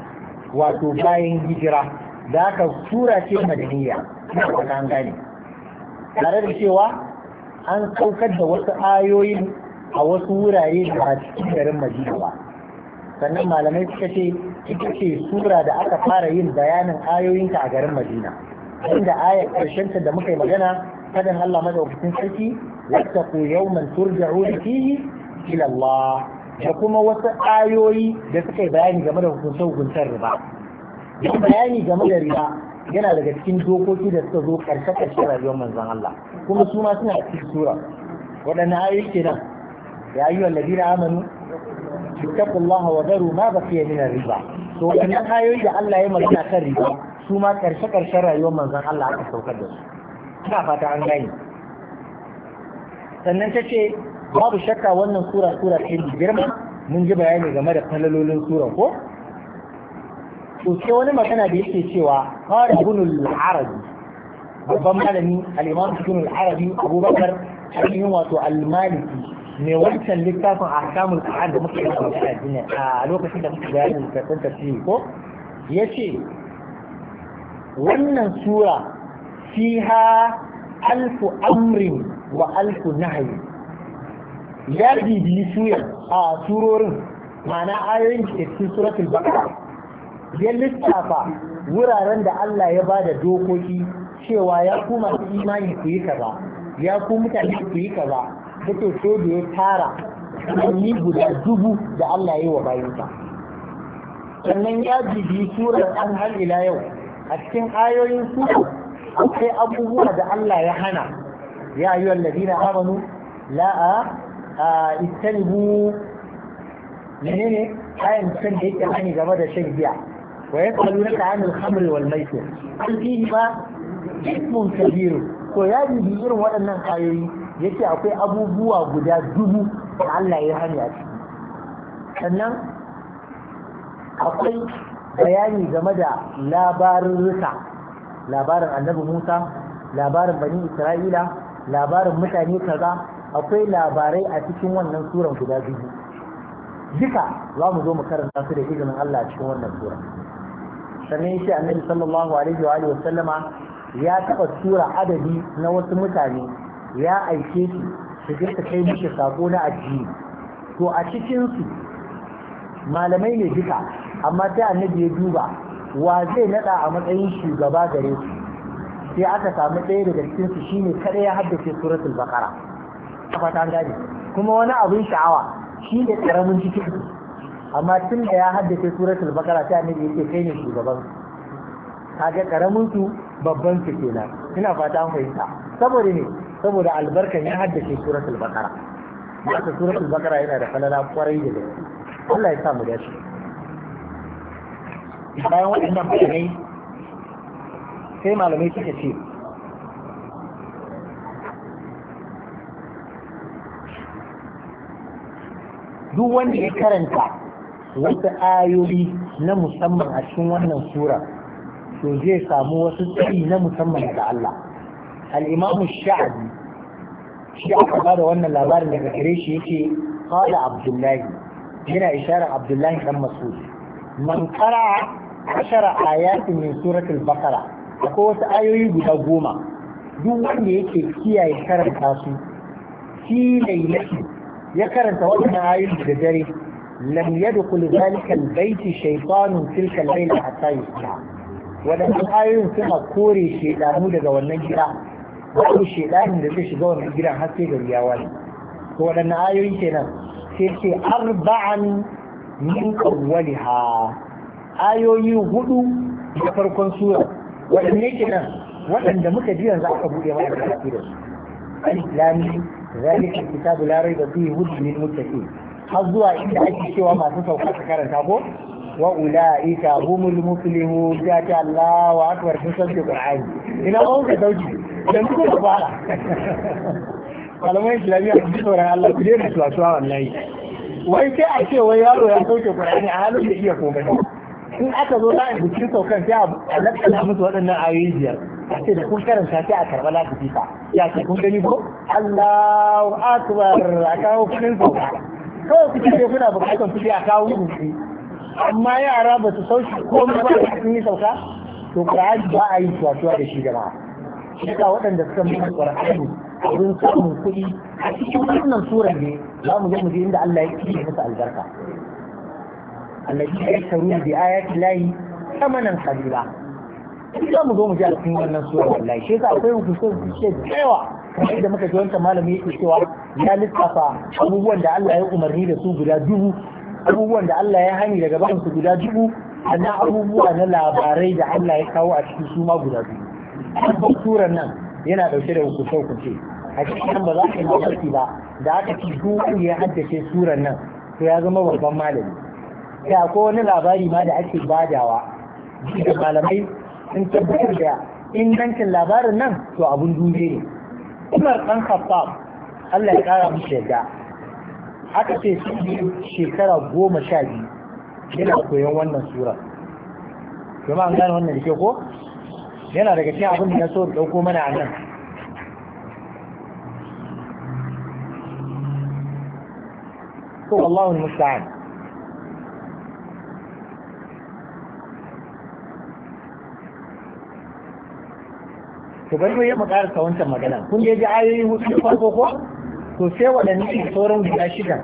wato bayan hijira da aka sura ce madaniya ina ba gane tare da cewa an saukar da wasu ayoyin a wasu wurare da ba cikin garin Madina ba sannan malamai suka ce ita ce sura da aka fara yin bayanin ayoyinta a garin Madina inda ayar ƙarshenta da muka yi magana fadan Allah madaukakin sarki wattaqu yawman turja'una fihi ila Allah da kuma wasu ayoyi da suka yi bayani game da hukunce riba yin bayani game da riba yana daga cikin dokoki da suka zo ƙarshen ƙarshe rayuwar manzon Allah kuma su ma suna cikin sura waɗanne ayoyi kenan ya ayyuhal ladina amanu ittaqullaha wa dharu ma baqiya min riba to wannan ayoyi da Allah ya magana kan riba su ma karshe karshen rayuwar manzon Allah aka saukar da su ina fata an gani. sannan ta ce babu shakka wannan sura sura ce girma mun ji bayani game da falalolin sura ko to sai wani magana da yake cewa qara ibn arabi babban malami al-imam ibn arabi abubakar ainihin wato al-maliki me wancan littafin a samun ƙa'an da muka yi a lokacin da muka bayanin kasan tafsiri ko ya ce wannan sura ha alfu amrin wa alfu nahayi ya bibiyi suyar a surorin ma'ana ayoyin da cikin suratul baqara ya lissafa wuraren da Allah ya ba da dokoki cewa ya kuma masu imani ku yi kaza ya ku mutane ku yi kaza yake sai da ya tara kalli guda dubu da Allah yi wa bayinsa sannan ya jibi surar an har ila yau a cikin ayoyin sura sai abubuwa da Allah ya hana ya yi wallazina amanu la'a a istanibu menene kayan can da yake hani gaba da shan giya wa ya kalu na ta'anil khamri wal maisir an fihi ma ismun kabiru Ko ya jibi irin waɗannan ayoyi yake akwai abubuwa guda dubu da Allah ya hanya a ciki sannan akwai bayani game da labarin rusa labarin annabi Musa labarin bani Isra'ila labarin mutane kaza akwai labarai a cikin wannan suran guda dubu duka za mu zo mu karanta su da izinin Allah a cikin wannan sura sannan shi annabi sallallahu alaihi wa sallama ya taɓa sura adadi na wasu mutane ya aike su su je su kai muke sako na addini to a cikin su malamai ne duka amma sai annabi ya duba wa zai nada a matsayin shugaba gare su sai aka samu ɗaya daga cikin su shine kada ya haddace suratul baqara fata gani kuma wani abin sha'awa shi ne karamin cikin amma tun da ya haddace suratul baqara sai annabi ce kai ne shugaban kaga karamin su babban su kenan ina fata an fahimta saboda ne saboda albarkan ya haddace suratul baqara haka suratul baqara yana da falala kwarai da gaske Allah ya sa mu dace bayan waɗannan bayanai sai malamai suka ce duk wanda ya karanta wasu ayoyi na musamman a cikin wannan sura to zai samu wasu tsari na musamman daga Allah al-imamu sha'abi shi aka bada wannan labarin daga gare yake qala abdullahi yana isharar abdullahi dan mas'ud man qara ashara ayatin min suratul baqara ayoyi guda goma duk wanda yake kiyaye karanta su fi lailati ya karanta wannan ayoyi da dare lam yadkhul zalika albayt shaytanun tilka al-layla hatta yusbiha wadannan ayoyin suna kore shedanu daga wannan gida babu shedanin da zai shiga wani gidan har sai gari ya waye to waɗanne ayoyi kenan sai ce arba'an min ha. ayoyi hudu da farkon sura waɗanne kenan waɗanda muka ji yanzu aka buɗe mana karatu da su al-islami zalika kitabu la raiba fihi hudan lil muttaqin har zuwa inda ake cewa masu sauka ta karanta ko wa ulaika humul muflihun ya ta Allah wa akbar sun san Qur'ani ina ba ku dauki yanzu ko ku fara malamai islamiyya ku ji tsoron Allah ku daina tuwatuwa wallahi wai sai a ce wai yaro ya sauke Qur'ani a halin da iya komai in aka zo ra'ayin bikin saukan sai a lakana musu waɗannan ayoyi biyar a ce da kun karanta sai a karɓa lati fifa ya ce kun gani ko Allahu akbar a kawo kuɗin sauka kawai ku ce kuna buƙatar kuɗi a kawo rubutu amma yara ba su sauke komai ba da sun sauka to Qur'ani ba a yi tuwatuwa da shi jama'a shi waɗanda suka nuna ƙwararru wurin samun kuɗi a cikin wannan surar ne za mu zo mu je inda Allah ya kiyaye musu albarka ya yashtaru bi ayati llahi thamanan qalila za mu zo mu je a cikin wannan surar wallahi shi yasa akwai hukuncin hukunce da yawa kamar da muka ji wancan malami yake cewa ya lissafa abubuwan da Allah ya umarni da su guda dubu abubuwan da Allah ya hani daga barin su guda dubu sannan abubuwa na labarai da Allah ya kawo a cikin su ma guda dubu farkon turan nan yana dauke da hukuce hukuce a cikin ba za ka yi mafarki ba da aka ci duk ya haddace turan nan to ya zama babban malami da ko wani labari ma da ake badawa da malamai sun tabbatar da ingancin labarin nan to abun duje ne Umar dan Khattab Allah ya kara mu yadda aka ce shi shekara goma sha biyu yana koyon wannan sura. kuma an gane wannan da ke ko? yana daga cikin abin da so dauko mana a nan to Allahu musta'an to bari mu yi makarasa wancan magana kun je ji ayoyi hudu farko ko to sai waɗannan sauran guda shida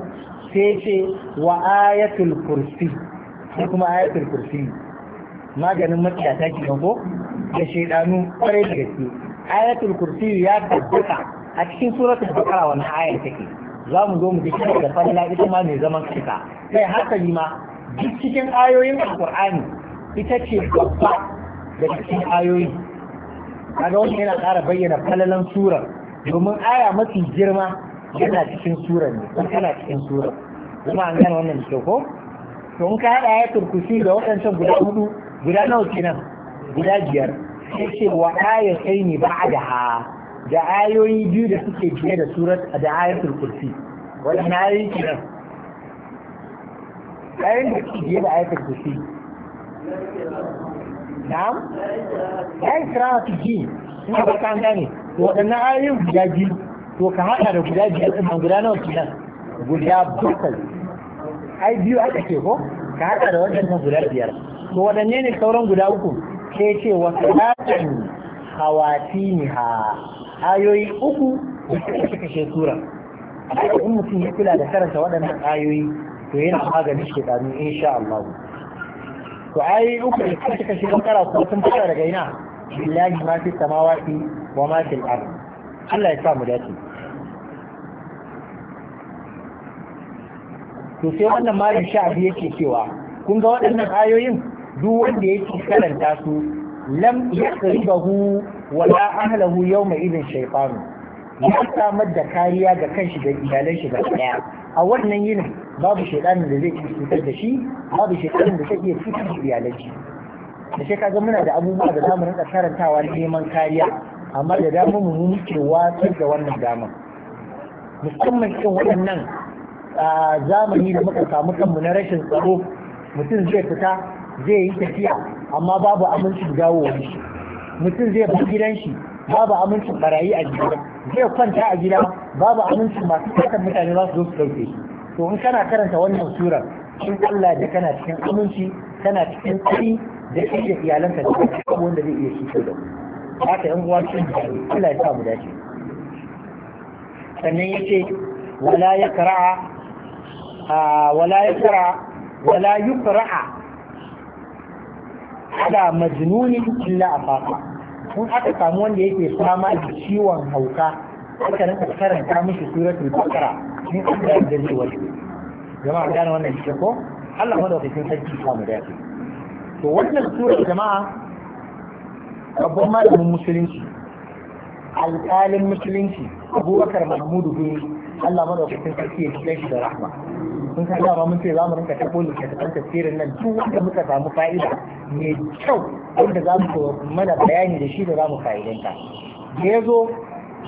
sai ce wa ayatul kursi sai kuma ayatul kursi maganin ta kenan ko da shaidanu kwarai da gaske ayatul kursi ya tabbata a cikin suratul bakara wannan ayar take za mu zo mu ji shi da falla ita ma mai zaman kanta kai hasali ma duk cikin ayoyin alqur'ani ita ce babba da cikin ayoyi kaga wannan yana ƙara bayyana falalan sura domin aya mafi girma yana cikin sura ne tana cikin sura kuma an gane wannan da ko to in ka haɗa ayatul kursi da waɗancan guda hudu guda nawa kenan guda biyar sai ce wa ayatai ne ba da ha da ayoyi biyu da suke biye da surat da ayatul kursi wadannan ayoyi kenan ayoyin da suke biye da ayatul kursi na'am ya yi kira su ji suna ba kan gane waɗannan ayoyin guda biyu to ka haɗa da guda biyar ɗin guda nawa kenan guda bakwai ai biyu aka ce ko ka haɗa da waɗannan guda biyar to waɗanne ne sauran guda uku sai ce wa salatan hawatimiha ayoyi uku da suka kashe sura in mutum ya kula da karanta waɗannan ayoyi to yana maganin in sha Allah to ayoyi uku da suka kashe bakara ko sun fara daga ina billahi ma fi samawati wa ma fil ard Allah ya sa mu dace to sai wannan malam sha'abi yake cewa kun ga waɗannan ayoyin duk wanda yake karanta su lam hu, wala yau yawma idin shaytanu ya samar da kariya ga kanshi da iyalan shi gaba daya a wannan yinin babu shaytanin da zai cutar da shi babu shaytanin da zai iya cutar da iyalan shi da shi kaga muna da abubuwa da zamu rinka karantawa neman kariya amma da dama mu muke watsar da wannan damar musamman cikin waɗannan zamani da muka samu kanmu na rashin tsaro mutum zai fita zai yi tafiya amma babu amincin dawowar shi mutum zai bar gidan shi babu amincin barayi a gida zai kwanta a gida babu amincin masu kasan mutane za su zo su dauke shi to in kana karanta wannan surar in Allah da kana cikin aminci kana cikin tsari da shi da iyalanka da abu wanda zai iya shi kai da ku haka yan uwa cikin jari Allah ya sa mu dace sannan yace wala yakra'a wala yakra'a wala yukra'a ala majnuni illa afaqa kun aka samu wanda yake fama da ciwon hauka aka rinka karanta mishi suratul baqara in an da zai wani jama'a gane wannan shi ko Allah ma da wata madaukakin sarki ya mu dace to wannan sura jama'a babban malamin musulunci alƙalin musulunci abubakar mahmudu Buhari, Allah ma da wata madaukakin sarki ya kiyaye shi da rahma kun san dama mun ce za mu rinka tabo littattafan tafsirin nan duk wanda muka samu fa'ida mai kyau wanda za mu mana bayani da shi da za mu fa'idanta da ya zo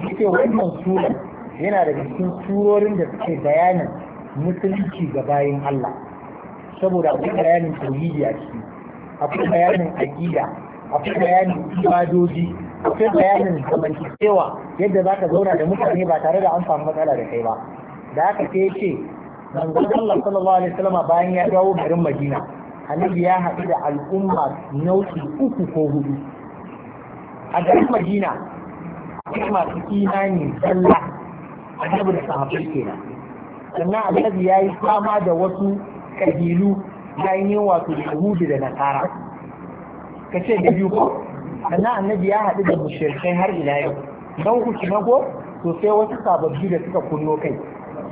yake wannan sura yana daga cikin surorin da suke bayanin musulunci ga bayan Allah saboda akwai bayanin tauhidi a ciki akwai bayanin aqida akwai bayanin ibadoji akwai bayanin zamantakewa yadda za ka zauna da mutane ba tare da an samu matsala da kai ba da haka sai ce manzon Allah sallallahu alaihi wasallam bayan ya dawo garin Madina Annabi ya haɗu da al'umma nau'i uku ko hudu a garin Madina akwai masu imani sallah Annabi da sahabbai kenan sannan Annabi ya yi fama da wasu kabilu yi yin wato Yahudi da Nasara Ka ce da biyu ko sannan Annabi ya haɗu da mushrikai har ila yau don ku na ko to sai wasu sababbi da suka kunno kai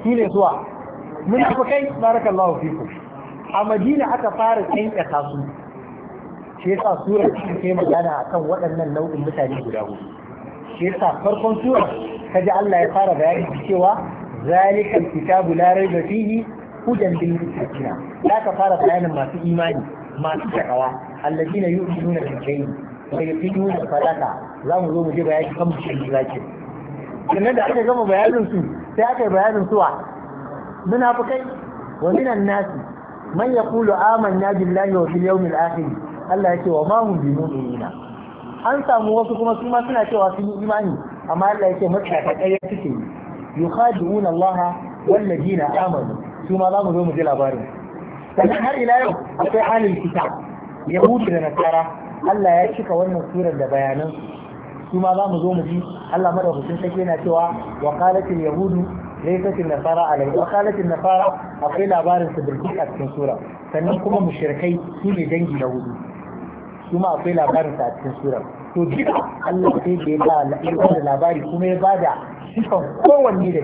ne zuwa Mun munafikai barakallahu fikum a madina aka fara tsayyaka kasu. shi yasa sura cikin kai magana akan waɗannan nau'in mutane guda hudu shi yasa farkon sura kaji Allah ya fara bayani cewa zalikal kitabu la raiba fihi hudan lil muttaqina da ka fara bayanin masu imani masu takawa alladina yu'minuna bil ghaibi wa yuqimuna salata za mu zo mu ji bayani kan mutum zaki sannan da aka gama bayanin su sai aka yi bayanin suwa munafukai wa minan nasi man yaqulu amanna billahi wa bil yawmil akhir Allah yake wa ma hum bimu'minina an samu wasu kuma su ma suna cewa sun yi imani amma Allah yake matsaka kai suke yukhadi'una Allah wal ladina amanu su ma za mu zo mu ji labarin sannan har ila yau akwai halin kitab yahudu da nasara Allah ya cika wannan surar da bayanan su ma za mu zo mu ji Allah madaukakin sarki na cewa wa yahudu ليست النصارى عليه وقالت sannan أقول لابارن سبركيك أتكن dangi فنكم مشركي سيني دنجي لوزي ثم أقول a cikin sura. to duka Allah sai da ya ba da labari kuma ya bada sifan kowanne da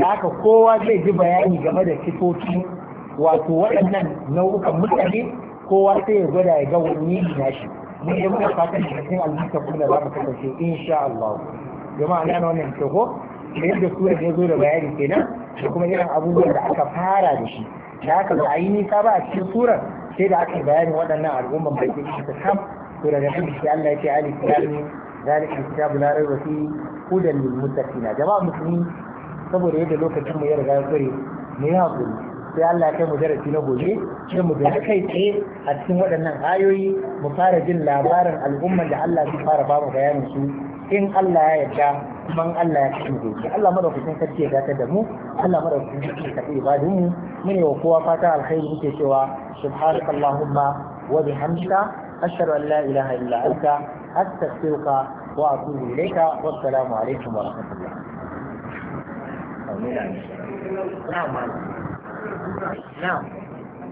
da haka kowa zai ji bayani game da sifofi wato waɗannan nau'ukan mutane kowa sai ya gwada ya ga wani na shi mun yi muka fatan da cikin albarka kuma za mu kasance insha Allah jama'a na wannan ke ko da yadda surar ya zo da bayani kenan da kuma irin abubuwan da aka fara da shi da aka ba a yi nisa ba a cikin surar sai da aka yi bayanin waɗannan al'umman bai ke shi kam to daga nan shi Allah ya ce alif yami zalika kitabu la raiba fi hudan lil muttaqina jama'a musulmi saboda yadda lokacin mu ya riga ya tsare mu yi hakuri sai Allah ya kai mu darasi na gobe sai mu ga kai tsaye a cikin waɗannan ayoyi mu fara jin labarin al'umman da Allah zai fara ba mu bayanin su in Allah ya yarda man Allah ya kashe gobe Allah madaukakin sarki ya dace da mu Allah madaukakin sarki ya karbi ibadun mu mune wa kowa fata alkhairi muke cewa subhanaka allahumma wa bihamdika ashhadu an la ilaha illa anta astaghfiruka wa atubu ilayka wa assalamu alaikum wa rahmatullah Na'am. Na'am.